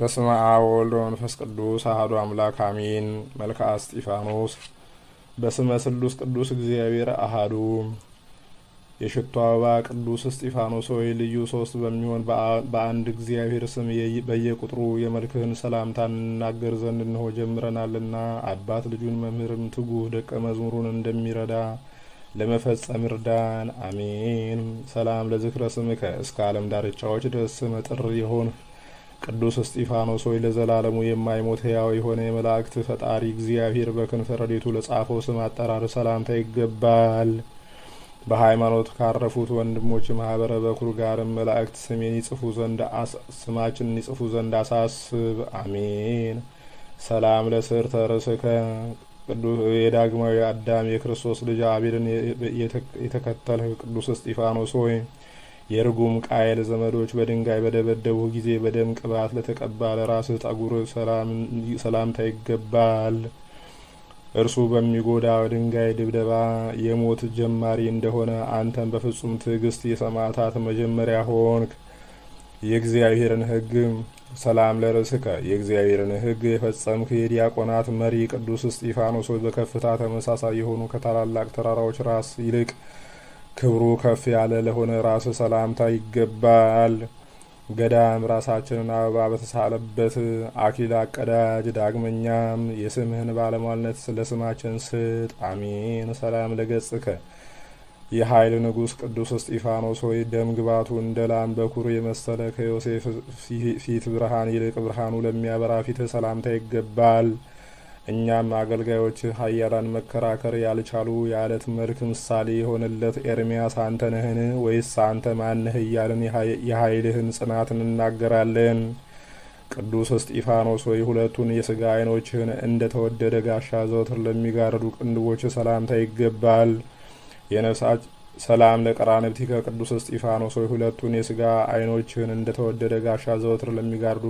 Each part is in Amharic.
በስመ አብ ወወልድ ወመንፈስ ቅዱስ አሐዱ አምላክ አሜን። መልክዓ እስጢፋኖስ በስመ ስሉስ ቅዱስ እግዚአብሔር አሐዱ የሽቱ አበባ ቅዱስ እስጢፋኖስ ሆይ ልዩ ሶስት በሚሆን በአንድ እግዚአብሔር ስም በየቁጥሩ የመልክህን ሰላምታ እንናገር ዘንድ እንሆ ጀምረናልና አባት ልጁን መምህርም ትጉህ ደቀ መዝሙሩን እንደሚረዳ ለመፈጸም እርዳን አሜን። ሰላም ለዝክረ ስምከ እስከ ዓለም ዳርቻዎች ድረስ ስመ ጥር የሆንህ ቅዱስ እስጢፋኖስ ሆይ ለዘላለሙ የማይሞት ሕያው የሆነ የመላእክት ፈጣሪ እግዚአብሔር በክንፈ ረድኤቱ ለጻፈው ስም አጠራር ሰላምታ ይገባል። በሃይማኖት ካረፉት ወንድሞች ማህበረ በኩር ጋርም መላእክት ስሜን ይጽፉ ዘንድ ስማችን ይጽፉ ዘንድ አሳስብ። አሜን። ሰላም ለስር ተርስከ የዳግማዊ አዳም የክርስቶስ ልጅ አቤልን የተከተልህ ቅዱስ እስጢፋኖስ ሆይ የርጉም ቃየል ዘመዶች በድንጋይ በደበደቡ ጊዜ በደም ቅባት ለተቀባ ራስ ጠጉር ሰላምታ ይገባል። እርሱ በሚጎዳ ድንጋይ ድብደባ የሞት ጀማሪ እንደሆነ አንተም በፍጹም ትዕግስት የሰማዕታት መጀመሪያ ሆንክ። የእግዚአብሔርን ሕግ ሰላም ለርእስከ የእግዚአብሔርን ሕግ የፈጸምክ የዲያቆናት መሪ ቅዱስ እስጢፋኖስ በከፍታ ተመሳሳይ የሆኑ ከታላላቅ ተራራዎች ራስ ይልቅ ክብሩ ከፍ ያለ ለሆነ ራስ ሰላምታ ይገባል። ገዳም ራሳችንን አበባ በተሳለበት አኪላ አቀዳጅ። ዳግመኛም የስምህን ባለሟልነት ስለ ስማችን ስጥ። አሜን። ሰላም ለገጽከ የኃይል ንጉሥ ቅዱስ እስጢፋኖስ ሆይ ደም ግባቱ እንደ ላም በኩር የመሰለ ከዮሴፍ ፊት ብርሃን ይልቅ ብርሃኑ ለሚያበራ ፊት ሰላምታ ይገባል። እኛም አገልጋዮች ሀያላን መከራከር ያልቻሉ የአለት መልክ ምሳሌ የሆነለት ኤርሚያስ አንተ ነህን ወይስ አንተ ማንህ እያልን የኃይልህን ጽናት እንናገራለን። ቅዱስ እስጢፋኖስ ሆይ ሁለቱን የስጋ አይኖችህን እንደ ተወደደ ጋሻ ዘወትር ለሚጋርዱ ቅንድቦች ሰላምታ ይገባል። የነፍሳች ሰላም ለቀራንብቲከ ቅዱስ እስጢፋኖስ ሆይ ሁለቱን የስጋ አይኖችህን እንደ ተወደደ ጋሻ ዘወትር ለሚጋርዱ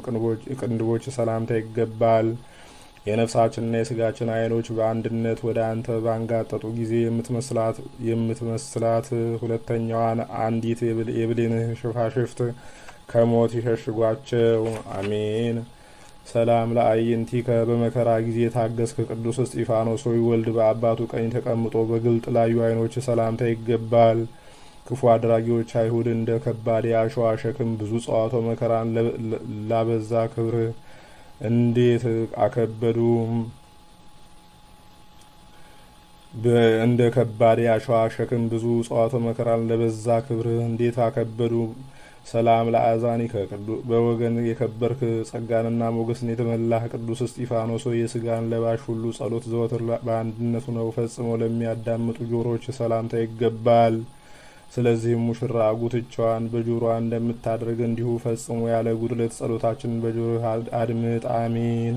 ቅንድቦች ሰላምታ ይገባል። የነፍሳችንና የስጋችን አይኖች በአንድነት ወደ አንተ ባንጋጠጡ ጊዜ የምትመስላት ሁለተኛዋን አንዲት የብሌን ሽፋሽፍት ከሞት ይሸሽጓቸው። አሜን። ሰላም ለአይንቲከ በመከራ ጊዜ ታገስ ቅዱስ እስጢፋኖስ ሆይ ወልድ በአባቱ ቀኝ ተቀምጦ በግልጥ ላዩ አይኖች ሰላምታ ይገባል። ክፉ አድራጊዎች አይሁድ እንደ ከባድ የአሸዋ ሸክም ብዙ ጸዋቶ መከራን ላበዛ ክብርህ እንዴት አከበዱም። እንደ ከባድ አሸዋ ሸክም ብዙ ጸዋቶ መከራን ለበዛ ክብርህ እንዴት አከበዱ። ሰላም ለአዛኒከ በወገን የከበርክ ጸጋንና ሞገስን የተመላህ ቅዱስ እስጢፋኖስ የስጋን ለባሽ ሁሉ ጸሎት ዘወትር በአንድነቱ ነው ፈጽሞ ለሚያዳምጡ ጆሮች ሰላምታ ይገባል። ስለዚህም ሙሽራ ጉትቻዋን በጆሮዋ እንደምታደርግ እንዲሁ ፈጽሞ ያለ ጉድለት ጸሎታችንን በጆሮ አድምጥ። አሜን።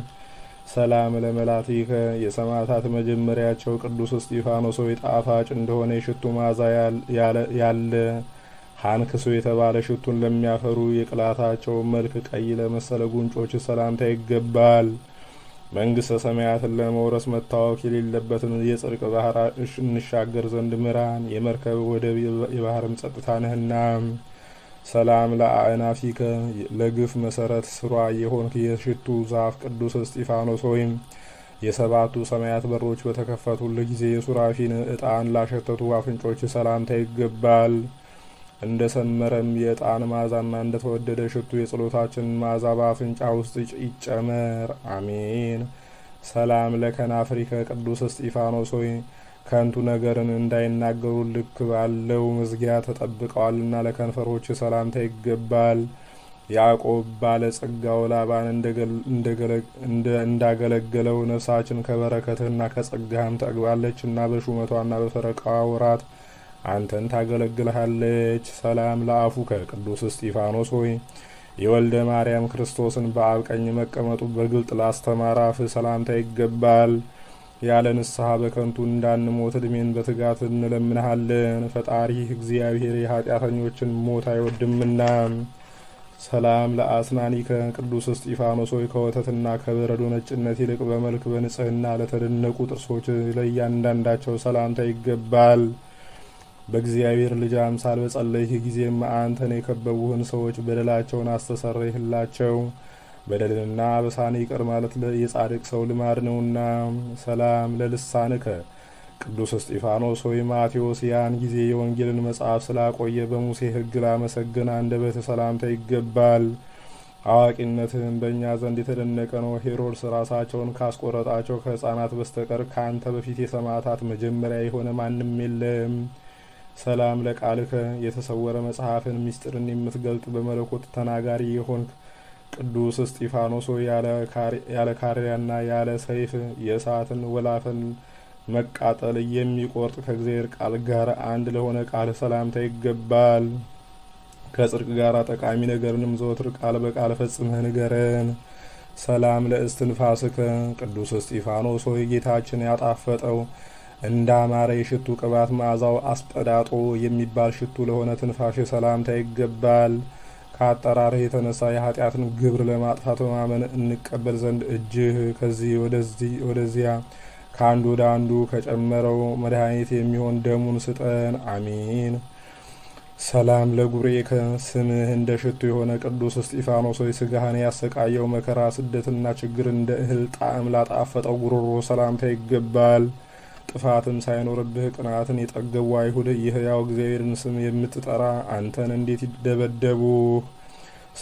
ሰላም ለመላቲከ የሰማዕታት መጀመሪያቸው ቅዱስ እስጢፋኖስ ሆይ ጣፋጭ እንደሆነ የሽቱ መዓዛ ያለ ሀንክሶ የተባለ ሽቱን ለሚያፈሩ የቅላታቸውን መልክ ቀይ ለመሰለ ጉንጮች ሰላምታ ይገባል። መንግሥተ ሰማያትን ለመውረስ መታወክ የሌለበትን የጽድቅ ባህር እንሻገር ዘንድ ምራን። የመርከብ ወደብ የባህርም ጸጥታ ነህና። ሰላም ለአእናፊከ ለግፍ መሰረት ስሯ የሆንክ የሽቱ ዛፍ ቅዱስ እስጢፋኖስ ሆይም የሰባቱ ሰማያት በሮች በተከፈቱልህ ጊዜ የሱራፊን እጣን ላሸተቱ አፍንጮች ሰላምታ ይገባል። እንደ ሰመረም የዕጣን መዓዛና እንደ ተወደደ ሽቱ የጸሎታችን መዓዛ በአፍንጫ ውስጥ ይጨመር። አሜን። ሰላም ለከናፍሪከ ቅዱስ እስጢፋኖስ ሆይ ከንቱ ነገርን እንዳይናገሩ ልክ ባለው መዝጊያ ተጠብቀዋልና ለከንፈሮች ሰላምታ ይገባል። ያዕቆብ ባለጸጋው ላባን እንዳገለገለው ነፍሳችን ከበረከትህና ከጸጋህም ጠግባለችና በሹመቷና በፈረቃዋ ወራት አንተን ታገለግልሃለች። ሰላም ለአፉከ ቅዱስ እስጢፋኖስ ሆይ የወልደ ማርያም ክርስቶስን በአብ ቀኝ መቀመጡ በግልጥ ላስተማረ አፍ ሰላምታ ይገባል። ያለ ንስሐ በከንቱ እንዳንሞት እድሜን በትጋት እንለምንሃለን። ፈጣሪህ እግዚአብሔር የኃጢአተኞችን ሞት አይወድምና። ሰላም ለአስናኒከ ቅዱስ እስጢፋኖስ ሆይ ከወተትና ከበረዶ ነጭነት ይልቅ በመልክ በንጽህና ለተደነቁ ጥርሶች ለእያንዳንዳቸው ሰላምታ ይገባል። በእግዚአብሔር ልጅ አምሳል በጸለይህ ጊዜም አንተን የከበቡህን ሰዎች በደላቸውን አስተሰረይህላቸው። በደልንና በሳን ይቅር ማለት የጻድቅ ሰው ልማድ ነውና። ሰላም ለልሳንከ ቅዱስ እስጢፋኖስ ሆይ ማቴዎስ ያን ጊዜ የወንጌልን መጽሐፍ ስላቆየ በሙሴ ሕግ ላመሰገን አንደበተ ሰላምታ ይገባል። አዋቂነትህም በእኛ ዘንድ የተደነቀ ነው። ሄሮድስ ራሳቸውን ካስቆረጣቸው ከሕፃናት በስተቀር ከአንተ በፊት የሰማዕታት መጀመሪያ የሆነ ማንም የለም። ሰላም ለቃልከ የተሰወረ መጽሐፍን ምስጢርን የምትገልጥ በመለኮት ተናጋሪ የሆንክ ቅዱስ እስጢፋኖስ ያለ ካሪያና ያለ ሰይፍ የእሳትን ወላፈን መቃጠል የሚቆርጥ ከእግዚአብሔር ቃል ጋር አንድ ለሆነ ቃል ሰላምታ ይገባል። ከጽድቅ ጋር ጠቃሚ ነገርንም ዘወትር ቃል በቃል ፈጽመህ ንገረን። ሰላም ለእስትንፋስከ ቅዱስ እስጢፋኖስ ሆይ ጌታችን ያጣፈጠው እንደ አማረ የሽቱ ቅባት መዓዛው አስጠዳጦ የሚባል ሽቱ ለሆነ ትንፋሽ ሰላምታ ይገባል። ከአጠራርህ የተነሳ የኃጢአትን ግብር ለማጥፋት በማመን እንቀበል ዘንድ እጅህ ከዚህ ወደዚያ ከአንዱ ወደ አንዱ ከጨመረው መድኃኒት የሚሆን ደሙን ስጠን። አሚን። ሰላም ለጉብሬከ ስምህ እንደ ሽቱ የሆነ ቅዱስ እስጢፋኖስ ሆይ ስጋህን ያሰቃየው መከራ ስደትና ችግር እንደ እህል ጣዕም ላጣፈጠው ጉሮሮ ሰላምታ ይገባል። ጥፋትም ሳይኖርብህ ቅንዓትን የጠገቡ አይሁድ የሕያው እግዚአብሔርን ስም የምትጠራ አንተን እንዴት ይደበደቡ?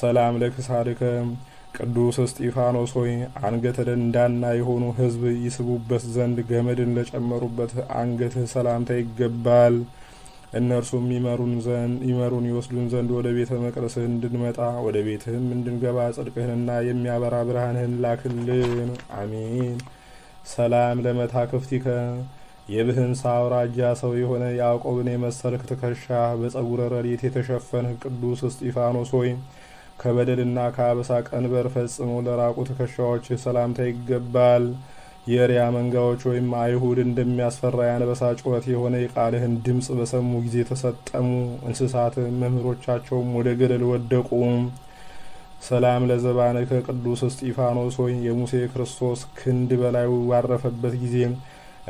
ሰላም ለክሳድከ ቅዱስ እስጢፋኖስ ሆይ አንገተ ደንዳና የሆኑ ሕዝብ ይስቡበት ዘንድ ገመድን ለጨመሩበት አንገትህ ሰላምታ ይገባል። እነርሱም ይመሩን ዘንድ ይመሩን ይወስዱን ዘንድ ወደ ቤተ መቅደስህ እንድንመጣ ወደ ቤትህም እንድንገባ ጽድቅህንና የሚያበራ ብርሃንህን ላክልን። አሜን። ሰላም ለመታ ክፍቲከ የብህንሳ አውራጃ ሰው የሆነ ያዕቆብን የመሰልክ ትከሻ በጸጉረ ረድኤት የተሸፈንህ ቅዱስ እስጢፋኖስ ሆይ ከበደልና ከአበሳ ቀንበር ፈጽሞ ለራቁ ትከሻዎች ሰላምታ ይገባል። የሪያ መንጋዎች ወይም አይሁድ እንደሚያስፈራ የአንበሳ ጩኸት የሆነ የቃልህን ድምፅ በሰሙ ጊዜ ተሰጠሙ። እንስሳት መምህሮቻቸውም ወደ ገደል ወደቁ። ሰላም ለዘባንከ ቅዱስ እስጢፋኖስ ሆይ የሙሴ ክርስቶስ ክንድ በላዩ ባረፈበት ጊዜ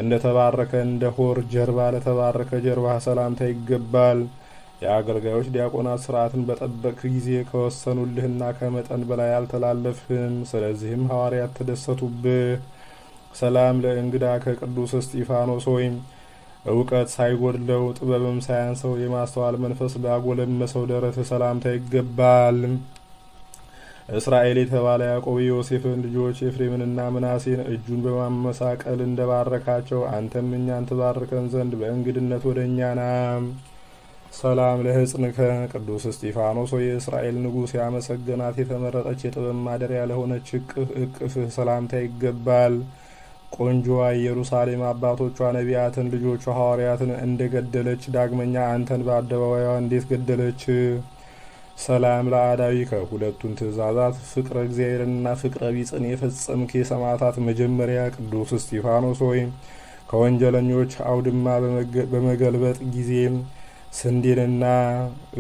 እንደ ተባረከ እንደ ሆር ጀርባ ለተባረከ ጀርባ ሰላምታ ይገባል። የአገልጋዮች ዲያቆናት ስርዓትን በጠበቅ ጊዜ ከወሰኑልህና ከመጠን በላይ አልተላለፍህም። ስለዚህም ሐዋርያት ተደሰቱብህ። ሰላም ለእንግዳ ከቅዱስ እስጢፋኖስ ወይም እውቀት ሳይጎድለው ጥበብም ሳያንሰው የማስተዋል መንፈስ ላጎለመሰው ደረት ሰላምታ ይገባል። እስራኤል የተባለ ያዕቆብ የዮሴፍን ልጆች ኤፍሬምንና ምናሴን እጁን በማመሳቀል እንደባረካቸው አንተም እኛን ትባርከን ዘንድ በእንግድነት ወደ እኛ ና። ሰላም ለሕጽንከ ቅዱስ እስጢፋኖስ የእስራኤል ንጉሥ ያመሰገናት የተመረጠች የጥበብ ማደሪያ ለሆነች እቅፍህ ሰላምታ ይገባል። ቆንጆዋ ኢየሩሳሌም አባቶቿ ነቢያትን ልጆቿ ሐዋርያትን እንደገደለች ዳግመኛ አንተን በአደባባዩ እንዴት ገደለች? ሰላም ለአዳዊ ከሁለቱን ትእዛዛት ፍቅረ እግዚአብሔርንና ፍቅረ ቢጽን የፈጸምክ የሰማዕታት መጀመሪያ ቅዱስ እስጢፋኖስ ሆይ ከወንጀለኞች አውድማ በመገልበጥ ጊዜ ስንዴንና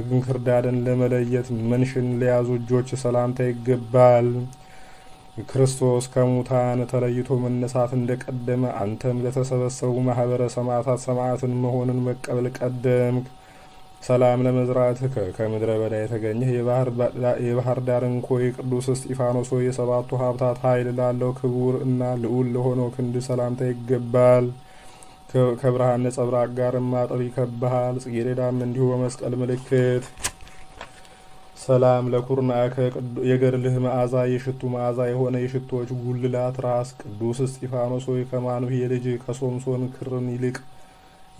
እንክርዳድን ለመለየት መንሽን ለያዙ እጆች ሰላምታ ይገባል። ክርስቶስ ከሙታን ተለይቶ መነሳት እንደቀደመ አንተም ለተሰበሰቡ ማህበረ ሰማዕታት ሰማዕትን መሆንን መቀበል ቀደምክ። ሰላም ለመዝራትከ ከምድረ በዳ የተገኘህ የባህር ዳር እንኮይ ቅዱስ እስጢፋኖስ ሆይ የሰባቱ ሀብታት ኃይል ላለው ክቡር እና ልዑል ለሆነው ክንድ ሰላምታ ይገባል። ከብርሃን ነጸብራቅ ጋር ማጠር ይከብሃል። ጽጌረዳም እንዲሁ በመስቀል ምልክት ሰላም ለኩርናከ የገድልህ መዓዛ የሽቱ መዓዛ የሆነ የሽቶች ጉልላት ራስ ቅዱስ እስጢፋኖስ ሆይ ከማኑሄ ልጅ ከሶምሶን ክርን ይልቅ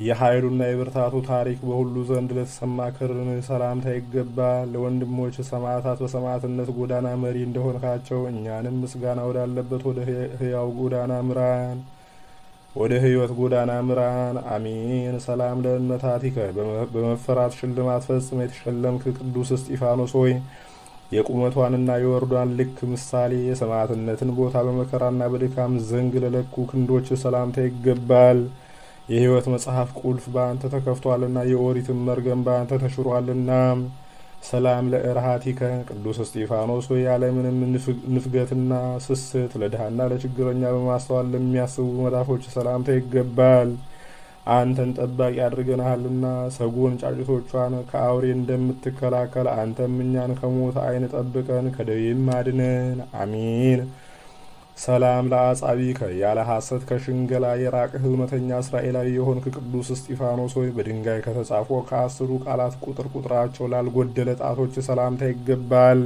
የኃይሉና የብርታቱ ታሪክ በሁሉ ዘንድ ለተሰማ ክርን ሰላምታ ይገባ። ለወንድሞች ሰማዕታት በሰማዕትነት ጎዳና መሪ እንደሆንካቸው እኛንም ምስጋና ወዳለበት ወደ ህያው ጎዳና ምራን፣ ወደ ህይወት ጎዳና ምራን። አሚን። ሰላም ለእምነታቲከ በመፈራት ሽልማት ፈጽመ የተሸለምክ ቅዱስ እስጢፋኖስ ሆይ የቁመቷንና የወርዷን ልክ ምሳሌ የሰማዕትነትን ቦታ በመከራና በድካም ዘንግ ለለኩ ክንዶች ሰላምታ ይገባል። የህይወት መጽሐፍ ቁልፍ በአንተ ተከፍቷልና የኦሪትን መርገም በአንተ ተሽሯልና። ሰላም ለእርሃቲከ ቅዱስ እስጢፋኖስ ሆይ ያለምንም ንፍገትና ስስት ለድሃና ለችግረኛ በማስተዋል ለሚያስቡ መዳፎች ሰላምታ ይገባል። አንተን ጠባቂ አድርገናሃልና ሰጎን ጫጭቶቿን ከአውሬ እንደምትከላከል አንተም እኛን ከሞት አይን ጠብቀን ከደዌም አድነን። አሚን ሰላም ለአጻቢከ ያለ ሐሰት ከሽንገላ የራቅህ እውነተኛ እስራኤላዊ የሆንክ ቅዱስ እስጢፋኖስ ሆይ በድንጋይ ከተጻፉ ከአስሩ ቃላት ቁጥር ቁጥራቸው ላልጎደለ ጣቶች ሰላምታ ይገባል።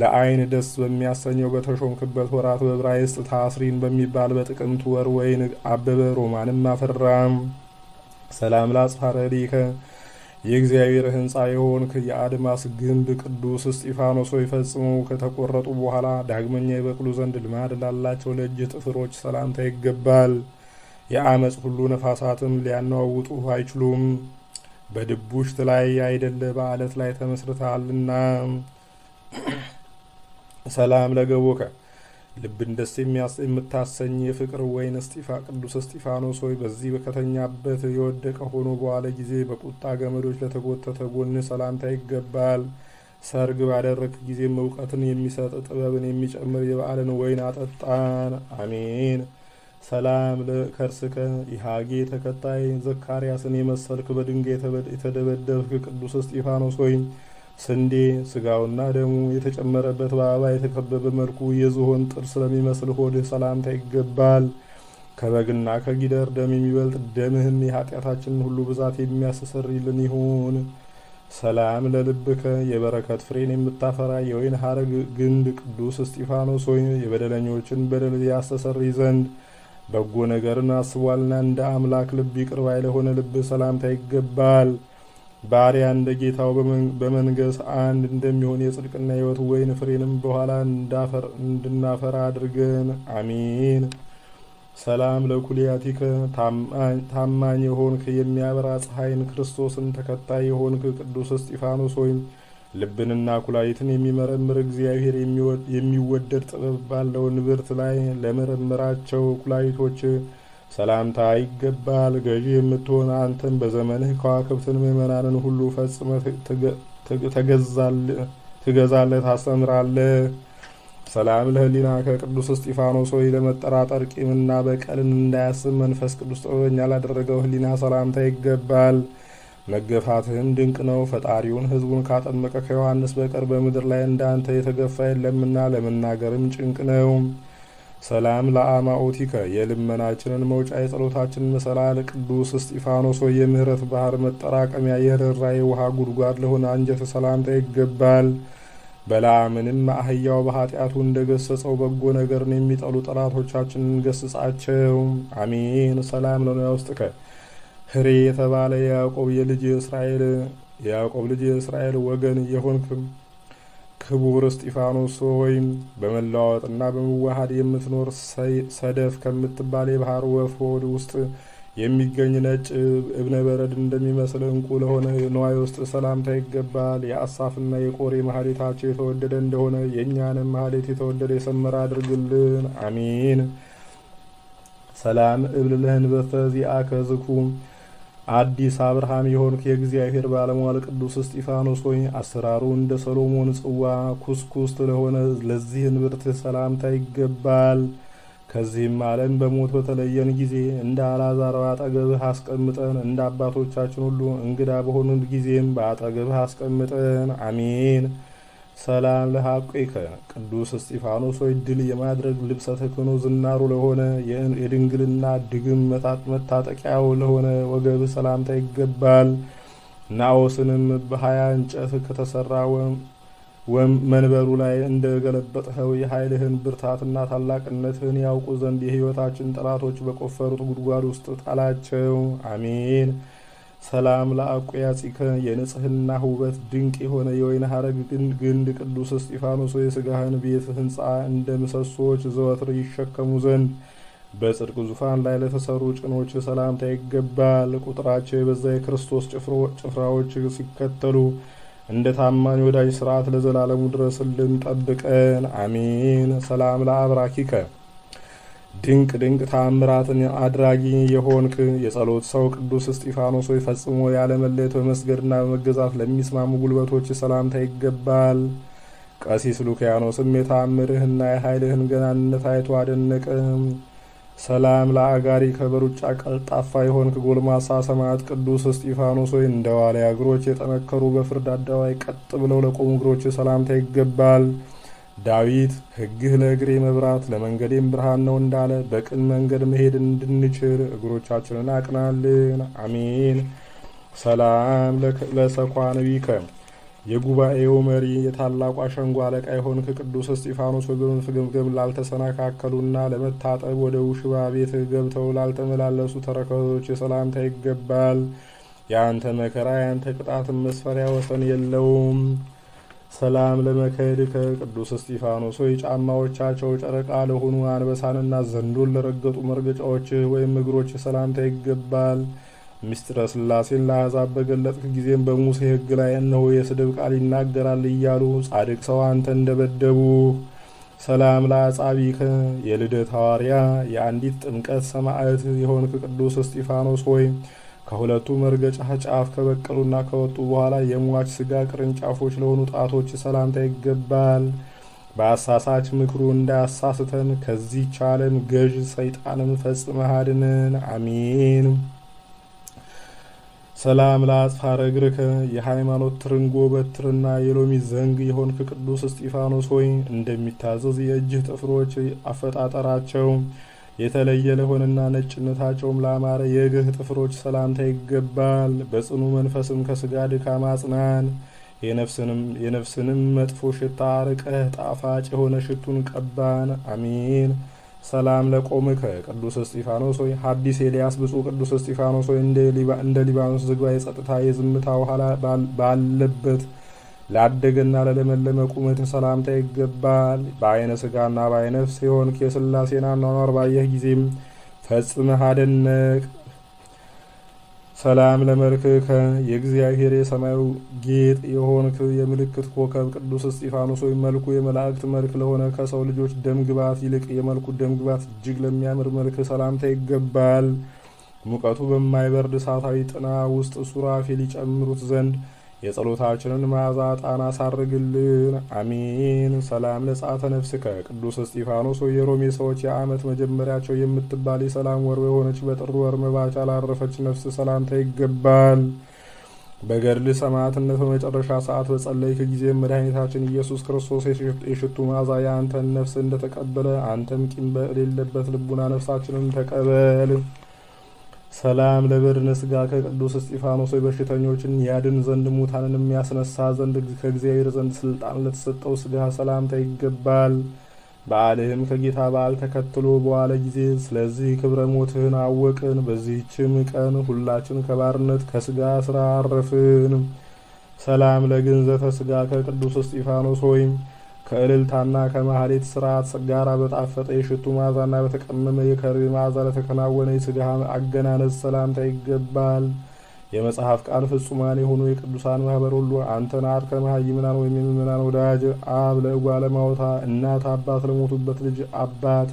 ለአይን ደስ በሚያሰኘው በተሾምክበት ወራት በዕብራይስጥ ታስሪን በሚባል በጥቅምት ወር ወይን አበበ ሮማንም አፈራም። ሰላም ላጽፋረዲከ የእግዚአብሔር ሕንፃ የሆንክ የአድማስ ግንብ ቅዱስ እስጢፋኖስ ሆይ ከተቆረጡ በኋላ ዳግመኛ የበቅሉ ዘንድ ልማድ ላላቸው ለእጅ ጥፍሮች ሰላምታ ይገባል። የአመፅ ሁሉ ነፋሳትም ሊያናውጡ አይችሉም። በድቡሽት ላይ አይደለ በአለት ላይ ተመስርተሃልና። ሰላም ለገቦከ ልብን ደስ የምታሰኝ የፍቅር ወይን እስጢፋ ቅዱስ እስጢፋኖስ ሆይ በዚህ በከተኛበት የወደቀ ሆኖ በኋላ ጊዜ በቁጣ ገመዶች ለተጎተተ ጎን ሰላምታ ይገባል። ሰርግ ባደረክ ጊዜም እውቀትን የሚሰጥ ጥበብን የሚጨምር የበዓልን ወይን አጠጣን። አሜን። ሰላም ለከርስከ ኢሃጌ ተከታይ ዘካርያስን የመሰልክ በድንጋይ የተደበደብክ ቅዱስ እስጢፋኖስ ሆይ ስንዴ ስጋውና ደሙ የተጨመረበት በአበባ የተከበበ መልኩ የዝሆን ጥርስ ለሚመስል ሆድህ ሰላምታ ይገባል። ከበግና ከጊደር ደም የሚበልጥ ደምህም የኃጢአታችንን ሁሉ ብዛት የሚያስሰርልን ይሁን። ሰላም ለልብከ የበረከት ፍሬን የምታፈራ የወይን ሐረግ ግንድ ቅዱስ እስጢፋኖስ ሆይ የበደለኞችን በደል ያስተሰርይ ዘንድ በጎ ነገርን አስቧልና እንደ አምላክ ልብ ይቅር ለሆነ ልብ ሰላምታ ይገባል። ባሪያ እንደ ጌታው በመንገስ አንድ እንደሚሆን የጽድቅና የሕይወት ወይን ፍሬንም በኋላ እንድናፈራ አድርገን አሚን። ሰላም ለኩልያቲከ ታማኝ የሆንክ የሚያበራ ፀሐይን ክርስቶስን ተከታይ የሆንክ ቅዱስ እስጢፋኖስ ወይም ልብንና ኩላሊትን የሚመረምር እግዚአብሔር የሚወደድ ጥበብ ባለው ንብርት ላይ ለመረምራቸው ኩላሊቶች ሰላምታ ይገባል። ገዢ የምትሆን አንተን በዘመንህ ከዋክብትን ምእመናንን ሁሉ ፈጽመ ትገዛለህ፣ ታስተምራለህ። ሰላም ለህሊና ከቅዱስ እስጢፋኖስ ሆይ ለመጠራጠር ቂምና በቀልን እንዳያስብ መንፈስ ቅዱስ ጥበበኛ ላደረገው ህሊና ሰላምታ ይገባል። መገፋትህም ድንቅ ነው። ፈጣሪውን ህዝቡን ካጠመቀ ከዮሐንስ በቀር በምድር ላይ እንዳንተ የተገፋ የለምና ለመናገርም ጭንቅ ነው። ሰላም ለአማኦቲከ የልመናችንን መውጫ የጸሎታችንን መሰላል ቅዱስ እስጢፋኖስ ሆይ የምህረት ባህር መጠራቀሚያ የርኅራኄ ውሃ ጉድጓድ ለሆነ አንጀት ሰላምታ ይገባል። በላምንም አህያው በኃጢአቱ እንደ ገሰጸው በጎ ነገርን የሚጠሉ ጠላቶቻችንን ገስጻቸው። አሜን። ሰላም ለኖያ ውስጥከ ህሬ የተባለ የያዕቆብ የልጅ እስራኤል የያዕቆብ ልጅ የእስራኤል ወገን የሆንክም ክቡር እስጢፋኖስ ወይም በመለዋወጥና በመዋሃድ የምትኖር ሰደፍ ከምትባል የባህር ወፍ ሆድ ውስጥ የሚገኝ ነጭ እብነ በረድ እንደሚመስል እንቁ ለሆነ ነዋይ ውስጥ ሰላምታ ይገባል። የአሳፍና የቆሬ ማህሌታቸው የተወደደ እንደሆነ የእኛንም ማህሌት የተወደደ የሰመረ አድርግልን። አሚን። ሰላም እብል ለህንበተ ዚአከ አዲስ አብርሃም የሆንክ የእግዚአብሔር ባለሟል ቅዱስ እስጢፋኖስ ሆይ አሰራሩ እንደ ሰሎሞን ጽዋ ኩስኩስ ለሆነ ለዚህ ንብርት ሰላምታ ይገባል። ከዚህም ዓለም በሞት በተለየን ጊዜ እንደ አላዛር አጠገብህ አስቀምጠን፣ እንደ አባቶቻችን ሁሉ እንግዳ በሆኑን ጊዜም በአጠገብህ አስቀምጠን። አሜን። ሰላም ለሐቆይከ ቅዱስ እስጢፋኖስ ሆይ ድል የማድረግ ልብሰ ተክህኖ ዝናሩ ለሆነ የድንግልና ድግም መታጠቂያው ለሆነ ወገብ ሰላምታ ይገባል። ናኦስንም በሀያ እንጨት ከተሰራ መንበሩ ላይ እንደ ገለበጥኸው የኃይልህን ብርታትና ታላቅነትህን ያውቁ ዘንድ የሕይወታችን ጠላቶች በቆፈሩት ጉድጓድ ውስጥ ጣላቸው። አሜን። ሰላም ለአቆያጺከ የንጽህና ውበት ድንቅ የሆነ የወይን ሐረግ ግንድ ቅዱስ እስጢፋኖስ ስጋህን ቤት ሕንፃ እንደ ምሰሶዎች ዘወትር ይሸከሙ ዘንድ በጽድቅ ዙፋን ላይ ለተሰሩ ጭኖች ሰላምታ ይገባል። ቁጥራቸው የበዛ የክርስቶስ ጭፍራዎች ሲከተሉ እንደ ታማኝ ወዳጅ ስርዓት ለዘላለሙ ድረስልን፣ ጠብቀን። አሚን ሰላም ለአብራኪከ ድንቅ ድንቅ ተአምራትን አድራጊ የሆንክ የጸሎት ሰው ቅዱስ እስጢፋኖስ ሆይ ፈጽሞ ያለመለየት በመስገድና በመገዛት ለሚስማሙ ጉልበቶች ሰላምታ ይገባል። ቀሲስ ሉኪያኖስም የታምርህና የኃይልህን ገናንነት አይቶ አደነቀ። ሰላም ለአጋሪ ከበሩጫ ቀልጣፋ የሆንክ ጎልማሳ ሰማዕት ቅዱስ እስጢፋኖስ ሆይ እንደ ዋልያ እግሮች የጠነከሩ በፍርድ አደባባይ ቀጥ ብለው ለቆሙ እግሮች ሰላምታ ይገባል። ዳዊት ሕግህ ለእግሬ መብራት ለመንገዴም ብርሃን ነው እንዳለ በቅን መንገድ መሄድ እንድንችል እግሮቻችንን አቅናልን። አሜን። ሰላም ለሰኳንቢከ የጉባኤው መሪ የታላቁ አሸንጓ አለቃ የሆንክ ቅዱስ እስጢፋኖስ ወገቡን ግምግም ላልተሰናካከሉና ለመታጠብ ወደ ውሽባ ቤት ገብተው ላልተመላለሱ ተረከዞች የሰላምታ ይገባል። የአንተ መከራ የአንተ ቅጣት መስፈሪያ ወሰን የለውም። ሰላም ለመካሄድ ከቅዱስ እስጢፋኖስ ሆይ ጫማዎቻቸው ጨረቃ ለሆኑ አንበሳንና ዘንዶን ለረገጡ መርገጫዎች ወይም እግሮች ሰላምታ ይገባል። ምስጢረ ስላሴን ለአሕዛብ በገለጥክ ጊዜም በሙሴ ሕግ ላይ እነሆ የስድብ ቃል ይናገራል እያሉ ጻድቅ ሰው አንተ እንደበደቡ። ሰላም ለአጻቢከ የልደት ሐዋርያ የአንዲት ጥምቀት ሰማዕት የሆንክ ቅዱስ እስጢፋኖስ ሆይ ከሁለቱ መርገጫ ጫፍ ከበቀሉና ከወጡ በኋላ የሟች ስጋ ቅርንጫፎች ለሆኑ ጣቶች ሰላምታ ይገባል። በአሳሳች ምክሩ እንዳያሳስተን ከዚህች ዓለም ገዥ ሰይጣንም ፈጽመህ አድነን፣ አሚን ሰላም ለአጽፋ ረግርከ የሃይማኖት ትርንጎ በትርና የሎሚ ዘንግ የሆንክ ቅዱስ እስጢፋኖስ ሆይ እንደሚታዘዝ የእጅህ ጥፍሮች አፈጣጠራቸው የተለየ ለሆነና ነጭነታቸውም ላማረ የእግህ ጥፍሮች ሰላምታ ይገባል። በጽኑ መንፈስም ከስጋ ድካም አጽናን። የነፍስንም መጥፎ ሽታ አርቀህ ጣፋጭ የሆነ ሽቱን ቀባን። አሚን ሰላም ለቆምከ ቅዱስ እስጢፋኖስ ሆይ ሐዲስ ኤልያስ ብፁዕ ቅዱስ እስጢፋኖስ ሆይ እንደ ሊባኖስ ዝግባ የጸጥታ የዝምታ ውኋላ ባለበት ላደገና ለለመለመ ቁመት ሰላምታ ይገባል። በአይነ ስጋና በአይነ ነፍስ የሆንክ የሥላሴን አኗኗር ባየህ ጊዜም ፈጽመህ አደነቅ። ሰላም ለመልክከ የእግዚአብሔር የሰማዩ ጌጥ የሆንክ የምልክት ኮከብ ቅዱስ እስጢፋኖስ ወይም መልኩ የመላእክት መልክ ለሆነ ከሰው ልጆች ደምግባት ይልቅ የመልኩ ደምግባት እጅግ ለሚያምር መልክ ሰላምታ ይገባል። ሙቀቱ በማይበርድ እሳታዊ ጥና ውስጥ ሱራፌል ይጨምሩት ዘንድ የጸሎታችንን መዓዛ ጣና አሳርግልን፣ አሚን። ሰላም ለጻተ ነፍስከ ቅዱስ እስጢፋኖስ የሮሜ ሰዎች የዓመት መጀመሪያቸው የምትባል የሰላም ወር በሆነች በጥር ወር መባቻ ላረፈች ነፍስ ሰላምታ ይገባል። በገድል ሰማዕትነት በመጨረሻ ሰዓት በጸለይክ ጊዜ መድኃኒታችን ኢየሱስ ክርስቶስ የሽቱ መዓዛ የአንተን ነፍስ እንደተቀበለ አንተም ቂም በሌለበት ልቡና ነፍሳችንን ተቀበል። ሰላም ለብርነ ስጋ ከቅዱስ እስጢፋኖስ በሽተኞችን ያድን ዘንድ ሙታንንም ያስነሳ ዘንድ ከእግዚአብሔር ዘንድ ስልጣን ለተሰጠው ስጋ ሰላምታ ይገባል። በዓልህም ከጌታ በዓል ተከትሎ በዋለ ጊዜ ስለዚህ ክብረ ሞትህን አወቅን። በዚህችም ቀን ሁላችን ከባርነት ከስጋ ስራ አረፍን። ሰላም ለግንዘተ ስጋ ከቅዱስ እስጢፋኖስ ወይም ከእልልታና ከማህሌት ስርዓት ጋር በጣፈጠ የሽቱ መዓዛና በተቀመመ የከርቤ መዓዛ ለተከናወነ የስጋ አገናነዝ ሰላምታ ይገባል። የመጽሐፍ ቃል ፍጹማን የሆኑ የቅዱሳን ማህበር ሁሉ አንተን አርከ ምናን ወይም የምምናን ወዳጅ አብ ለጓለማውታ እናት አባት ለሞቱበት ልጅ አባት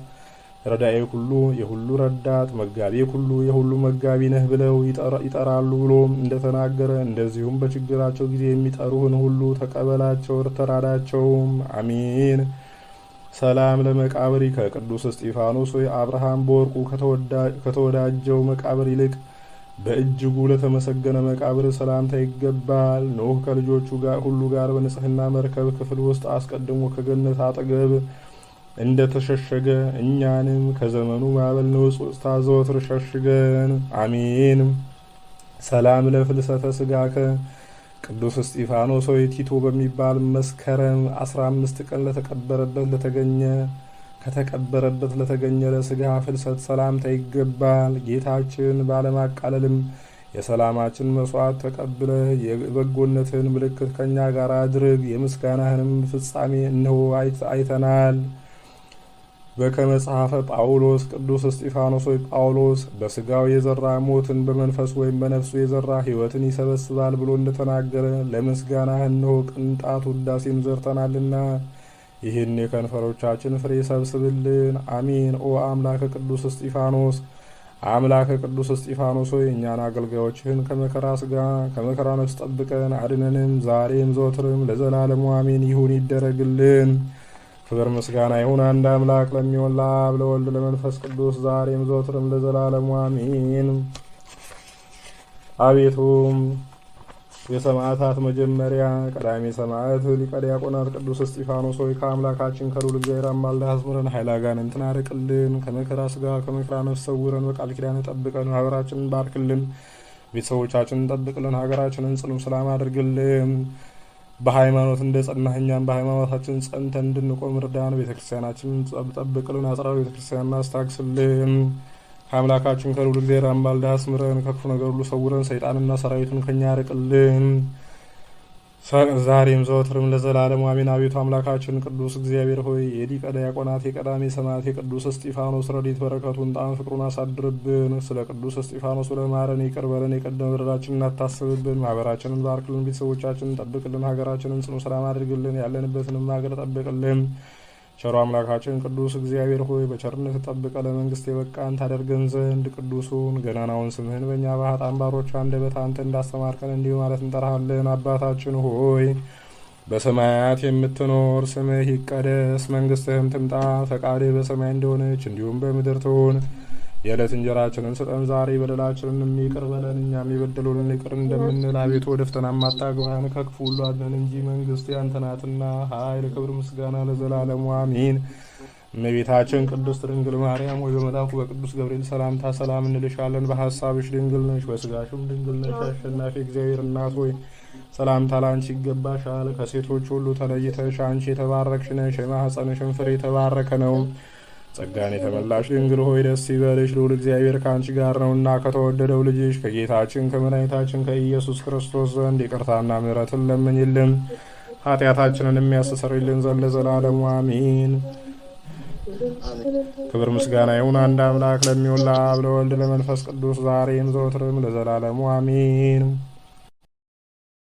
ረዳኤ ሁሉ የሁሉ ረዳት መጋቢ ሁሉ የሁሉ መጋቢ ነህ ብለው ይጠራሉ ብሎ እንደተናገረ እንደዚሁም በችግራቸው ጊዜ የሚጠሩህን ሁሉ ተቀበላቸው ተራዳቸውም። አሚን። ሰላም ለመቃብሪ ከቅዱስ እስጢፋኖስ ወይ አብርሃም በወርቁ ከተወዳጀው መቃብር ይልቅ በእጅጉ ለተመሰገነ መቃብር ሰላምታ ይገባል። ኖህ ከልጆቹ ሁሉ ጋር በንጽህና መርከብ ክፍል ውስጥ አስቀድሞ ከገነት አጠገብ እንደ ተሸሸገ እኛንም ከዘመኑ ማዕበል ንውፁት ታዘወትር ሸሽገን አሜን። ሰላም ለፍልሰተ ስጋከ ቅዱስ እስጢፋኖስ ሆይ ቲቶ በሚባል መስከረም 15 ቀን ለተቀበረበት ለተገኘ ከተቀበረበት ለተገኘ ለስጋ ፍልሰት ሰላምታ ይገባል። ጌታችን ባለማቃለልም የሰላማችን መስዋዕት ተቀብለ የበጎነትን ምልክት ከእኛ ጋር አድርግ። የምስጋናህንም ፍጻሜ እነሆ አይተናል። በከመጽሐፈ ጳውሎስ ቅዱስ እስጢፋኖስ ወይ ጳውሎስ በስጋው የዘራ ሞትን በመንፈሱ ወይም በነፍሱ የዘራ ሕይወትን ይሰበስባል ብሎ እንደተናገረ ለምስጋና እነሆ ቅንጣት ውዳሴም ዘርተናልና ይህን የከንፈሮቻችን ፍሬ ሰብስብልን። አሜን። ኦ አምላከ ቅዱስ እስጢፋኖስ አምላከ ቅዱስ እስጢፋኖስ ሆይ እኛን አገልጋዮችህን ከመከራ ስጋ ከመከራ ነፍስ ጠብቀን አድነንም፣ ዛሬም ዘወትርም ለዘላለሙ አሜን ይሁን ይደረግልን። ክብር ምስጋና ይሁን አንድ አምላክ ለሚሆን ለአብ ለወልድ ለመንፈስ ቅዱስ ዛሬም ዘወትርም ለዘላለሙ አሚን። አቤቱ የሰማዕታት መጀመሪያ ቀዳሜ ሰማዕት ሊቀ ዲያቆናት ቅዱስ እስጢፋኖስ ሆይ ከአምላካችን ከልዑል እግዚአብሔር አማልደህ አስምረን፣ ኃይለ አጋንንትን አርቅልን፣ ከመከራ ስጋ ከመከራ ነፍስ ሰውረን፣ በቃል ኪዳን ጠብቀን፣ ማህበራችንን ባርክልን፣ ቤተሰቦቻችንን ጠብቅልን፣ ሀገራችንን ጽኑ ሰላም አድርግልን። በሃይማኖት እንደ ጸናህ በሃይማኖታችን ጸንተ እንድንቆም ርዳን። ቤተክርስቲያናችን ጠብቅልን፣ አጽራዊ ቤተክርስቲያንን አስታግስልን። ከአምላካችን ከልዑል እግዚአብሔር አምባልዳ አስምረን፣ ከክፉ ነገር ሁሉ ሰውረን፣ ሰይጣንና ሰራዊቱን ከኛ ያርቅልን። ዛሬም ዘወትርም ለዘላለም አሜን። አቤቱ አምላካችን ቅዱስ እግዚአብሔር ሆይ የሊቀ ዲያቆናት የቀዳሜ ሰማዕት የቅዱስ እስጢፋኖስ ረድኤት በረከቱን ጣም ፍቅሩን አሳድርብን። ስለ ቅዱስ እስጢፋኖስ ለማረን ይቅር በለን። የቀደመ በደላችንን እናታስብብን። ማህበራችንን ባርክልን፣ ቤተሰቦቻችንን ጠብቅልን፣ ሀገራችንን ጽኑ ሰላም አድርግልን፣ ያለንበትንም ሀገር ጠብቅልን። ቸሮ አምላካችን ቅዱስ እግዚአብሔር ሆይ በቸርነት ጠብቀ ለመንግስት የበቃን ታደርገን ዘንድ ቅዱሱን ገናናውን ስምህን በእኛ ባህጣን ባሮች አንደበት አንተ እንዳስተማርከን እንዲሁ ማለት እንጠራሃለን። አባታችን ሆይ በሰማያት የምትኖር ስምህ ይቀደስ፣ መንግስትህም ትምጣ፣ ፈቃድህ በሰማይ እንደሆነች እንዲሁም በምድር ትሁን የዕለት እንጀራችንን ስጠን ዛሬ፣ በደላችንን የሚቅር በለን እኛ የበደሉንን ይቅር እንደምንል፣ አቤቱ ወደ ፈተናም አታግባን ከክፉ ሁሉ አድነን እንጂ መንግስት ያንተ ናትና ኃይል፣ ክብር፣ ምስጋና ለዘላለሙ አሚን። እመቤታችን ቅድስት ድንግል ማርያም ወይ በመልአኩ በቅዱስ ገብርኤል ሰላምታ ሰላም እንልሻለን። በሀሳብሽ ድንግል ነሽ፣ በስጋሽም ድንግል ነሽ። አሸናፊ እግዚአብሔር እናት ሆይ ሰላምታ ላንቺ ይገባሻል። ከሴቶች ሁሉ ተለይተሽ አንቺ የተባረክሽ ነሽ፣ የማኅፀንሽም ፍሬ የተባረከ ነው። ጸጋን የተመላሽ ድንግል ሆይ ደስ ይበልሽ፣ ልዑል እግዚአብሔር ከአንቺ ጋር ነውና ከተወደደው ልጅሽ ከጌታችን ከመድኃኒታችን ከኢየሱስ ክርስቶስ ዘንድ ይቅርታና ምሕረትን ለምኝልን ኃጢአታችንን የሚያስተሰርይልን ዘንድ ለዘላለሙ አሚን። ክብር ምስጋና ይሁን አንድ አምላክ ለሚውላ ለወልድ ለመንፈስ ቅዱስ ዛሬም ዘወትርም ለዘላለሙ አሚን።